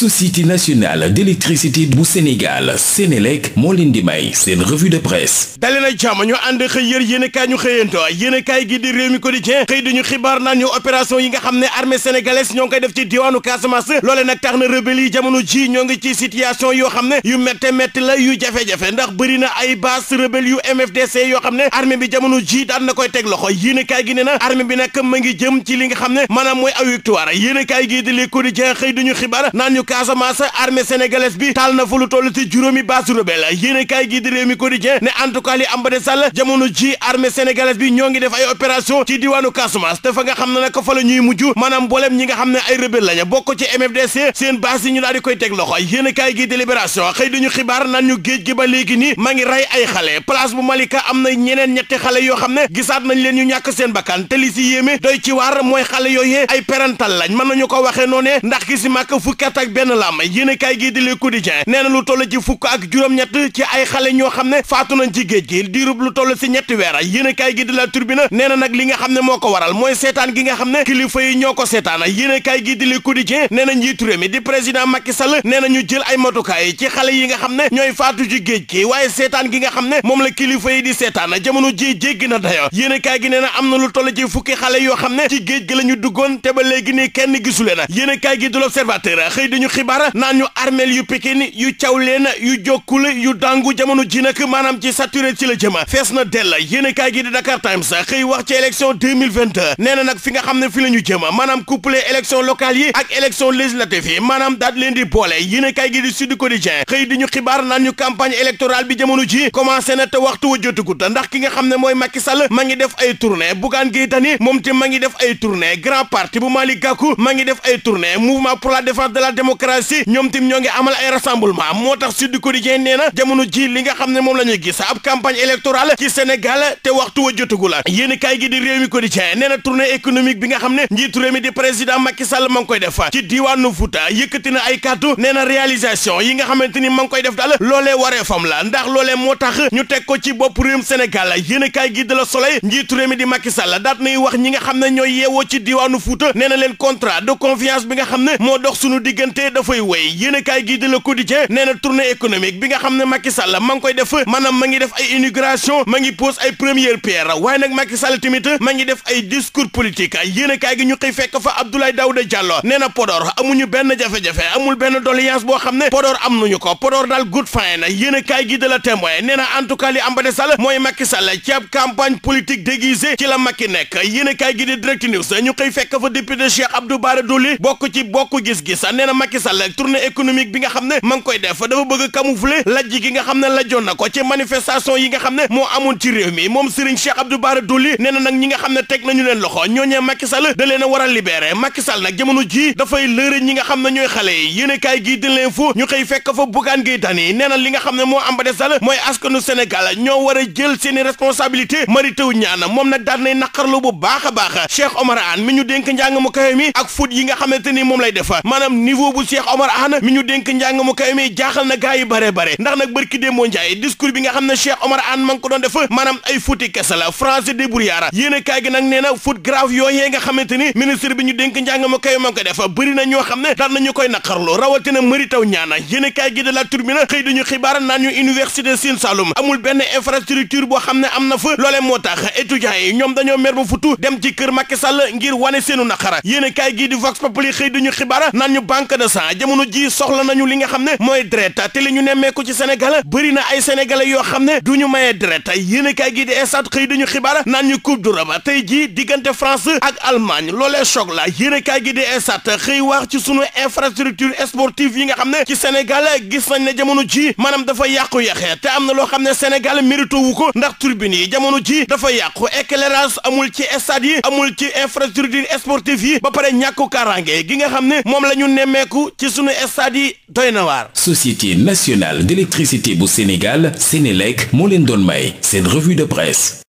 société nationale d'électricité bu Sénégal Sénélec moo leen di may seen revue de presse dali na ñu ànd xëy yër ñu xëyanto yéenekaay gi di Rewmi Quotidien xëy dañu xibaar naan ñu opération yi nga xam ne armée sénégalaise ñoo ngi koy def ci diwaanu Casamance loole nag tax na rebelle yi ji ñoo ngi ci situation yoo xam ne yu métte métti la yu jafe-jafe ndax bëri na ay base rebelle yu MFDC yoo xam ne armée bi jamono ji daan na koy teg loxo yéenekaay gi ne na armée bi nag li nga xam ne maanaam mooy ay victoire Casamance armée sénégalaise bi taal na fa lu toll ci juróomi base rebelle yéene kaay gi di réew ne en tout cas ji armée sénégalaise bi ñoo ngi def ay opération ci diwaanu Casamance te nga xam ne nag fa ñuy mujj maanaam mboolem ñi nga xam ne ay rebelle lañu bokk ci MFDC seen base ñu daal koy teg loxo yéene kaay gi di libération dañu xibaar nan ñu géej gi ba léegi nii ma ngi rey ay xale place bu Malika am na ñeneen ñetti xale yoo benn laam yéen a kaay gii di Le Quotidien nee lu toll ci fukk ak juróom-ñett ci ay xale ñoo xam ne faatu nañ ci géej gi diirub lu toll si ñetti weer yéen kaay gii di La Tribune nee na nag li nga xam ne moo ko waral mooy seetaan gi nga xam ne kilifa yi ñoo ko seetaan yéen kaay gii di Le Quotidien nee na njiitu réew mi di président Macky Sall nee na ñu jël ay matukaay ci xale yi nga xam ne ñooy faatu ci géej gi waaye seetaan gi nga xam ne moom la kilifa yi di seetaan jamono ji jéggi na dayo yéen a kaay gi nee na am na lu toll ci fukki xale yoo xam ne ci géej gi la ñu duggoon te ba léegi nii kenn gisulee na yéen a xibaar naan ñu armeel yu Pikine yu Thiawlène yu jokkul yu dangu jamono ji nag maanaam ci saturé ci la jëma fees na dell yéenekaay gi di Dakar Times xëy wax ci élection 2022 nee na nag fi nga xam ne fi la ñu jëma maanaam couplé élection locale yi ak élection législative yi maanaam daal leen di boole yéenekaay gi di Sud Quotidien xëy di ñu xibaar naan ñu campagne électorale bi jamono ji commencé na te waxtu wa jotagut ndax ki nga xam ne mooy Macky Sall ma ngi def ay tournée Bougane Gueye Dany moom te ma ngi def ay tournée grand parti bu Malick Gakou ngi def ay tournée mouvement démocratie ñoom tim ñoo xam ne moom la ñuy gis ab campagne électorale ci Sénégal te waxtu wa jotagu la yéen kaay gi di réew na tournée économique bi nga xam ne koy def ci diiwaanu Fouta yëkkati ay kàddu nee na yi nga xam xamante ni ma ngi koy def daal loolee waree fam la ndax loolee moo tax ñu teg ko ci bopp réewum Sénégal yéen kaay gi de la Soleil njiitu réew mi di Macky daat nay wax ñi nga xam ne ñooy yeewoo ci diiwaanu Fouta nee na leen contrat de confiance bi nga xam ne moo dox suñu diggante dee dafay woy yéenekaay gi di la Quotidien nee na tournée économique bi nga xam ne Macky Sall ma ngi koy def maanaam ma ngi def ay inauguration ma ngi pose ay première pierre waaye nag Macky Sall tamit ma ngi def ay discours politique kaa gi ñu xëy fekk fa Abdoulaye Daouda Diallo nee na Podor amuñu benn jafe-jafe amul benn doléance boo xam ne Podor am ñu ko Podor daal good fine yéenekaay gi di la Témoin nee na en tout cas li am ba de Sall mooy Macky Sall ci ab campagne politique déguisée ci la Macky nekk yéenekaay gi di ñu xëy fekk fa député Cheikh Abdou Bara Dolly bokk ci bokk gis-gis nee na Macky Sall ak tournée économique bi nga xam ne ma koy def dafa bëgg a camoufler lajj gi nga xam ne lajjoon na ko ci manifestation yi nga xam ne moo amoon ci moom Serigne Cheikh Abdou Bara Dolly nee na nag ñi nga xam ne teg nañu leen loxo ñooñee Macky Sall da leen a war a libérer Macky Sall nag jamono jii dafay lëre ñi nga xam ne ñooy xale yi yéen a gii di fu ñu xëy fekk fa Bougane Gueye Dany nee na li nga xam ne moo am ba mooy askanu Sénégal ñoo war a jël seeni responsabilité ni moom lay bu Cheikh Omar Anne mi ñu dénk njàng mu kawe jaaxal na gaa yi bare bare ndax nag bërki démboo Njaay discours bi nga xam ne Cheikh Omar Anne ma ko doon def maanaam ay fuuti kese la français débrouillard yéen a kaay gi nag nee na faute grave yooyee nga xamante ni ministre bi ñu dénk njàng mu kawe def bëri na ñoo xam ne daan nañu koy naqarlu rawatina mëri taw ñaana yéen a kaay gi de la turbine xëy dañu xibaar naan ñu université Sine Saloum amul benn infrastructure boo xam ne am na fa loolee moo tax étudiants dañoo mer ba futu dem ci kër Macky Sall ngir wane seenu naqara yéen a kaay gi di Vox Populi innocent jamono ji soxla nañu li nga xam ne mooy deret te li ñu nemmeeku ci Sénégal bëri na ay sénégalais yoo xam ne du ñu mayee deret yéenekaay gi di Stades xëy dañu xibaar naan ñu coupe du rab tey jii diggante France ak Allemagne loolee choc la yéenekaay gi di Stades xëy wax ci sunu infrastructure sportive yi nga xam ne ci Sénégal gis nañ ne jamono ji maanaam dafa yàqu yaxee te am na loo xam ne Sénégal mérito wu ko ndax turbine yi jamono ji dafa yàqu éclairage amul ci stade yi amul ci infrastructure sportive yi ba pare ñàkku kaaraange gi nga xam ne moom la ñu nemmeeku yokku ci sunu stade yi doy na waar. Société nationale d'électricité bu Sénégal Sénélec moo leen doon may seen revue de presse.